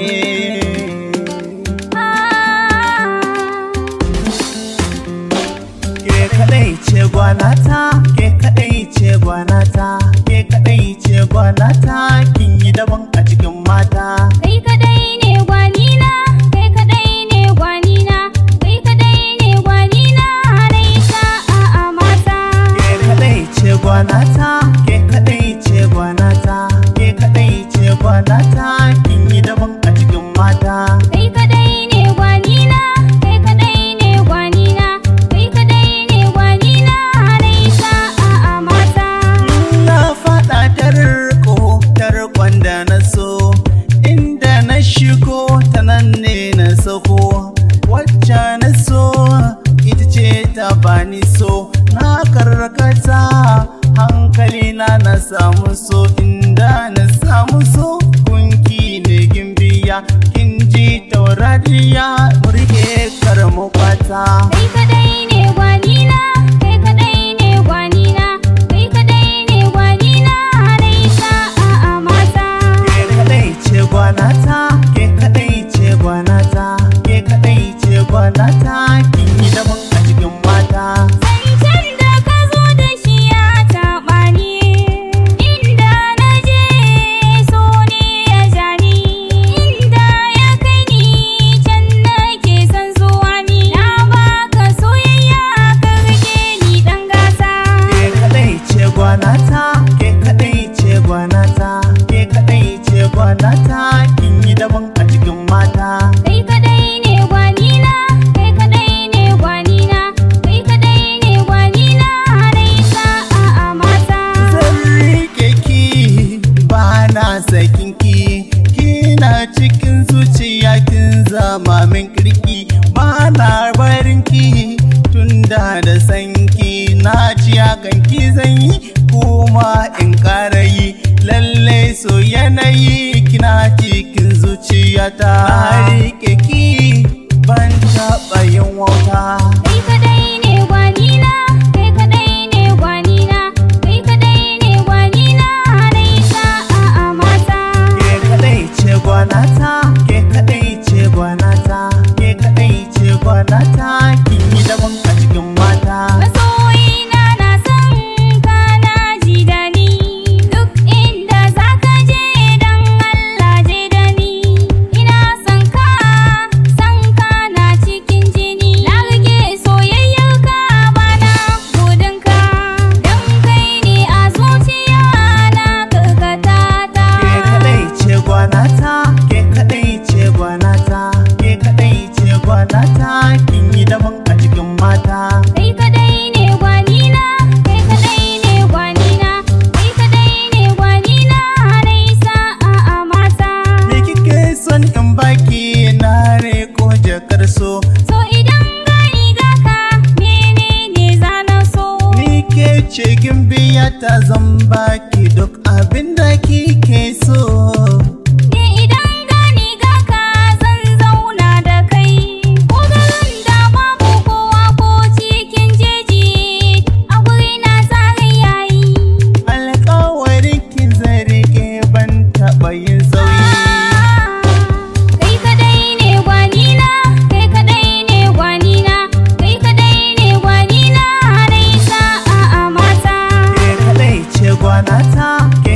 Ke kaɗai ce gwanata, ke kaɗai ce gwanata, ke kaɗai ce gwanata, kin yi daban a cikin mata. Kai kaɗai ne gwanina, kai kaɗai ne gwanina, kai kaɗai ne gwanina, harai a mata. Ke kaɗai ce gwanata. sako wacce na so ita ce ta bani so na karkata hankali na na samu so inda na samu so kunki ne gimbiya kin ji taurariya murke karmu kwata daban a cikin mata kai kadai ne gwani kai kadai ne gwani kai kadai ne gwani na rai sa'a a mata zan rike ki ba na ki kina cikin zuciya kin zama min kirki ba na ki tunda da sanki na ciya kan ki zan yi kuma in ƙara yi lallai so yanayi kina ki ata. Marike gwanata ke kadai ce gwanata ke kadai ce gwanata kin yi daban a cikin mata kai kadai ne gwanina kai kadai ne gwanina kai kadai ne gwanina harai sa'a a mata me kike son in baki na ko jakar so so idan gani gaka menene zana so ni ke ce gimbiya ta zan baki duk abinda da kike so さ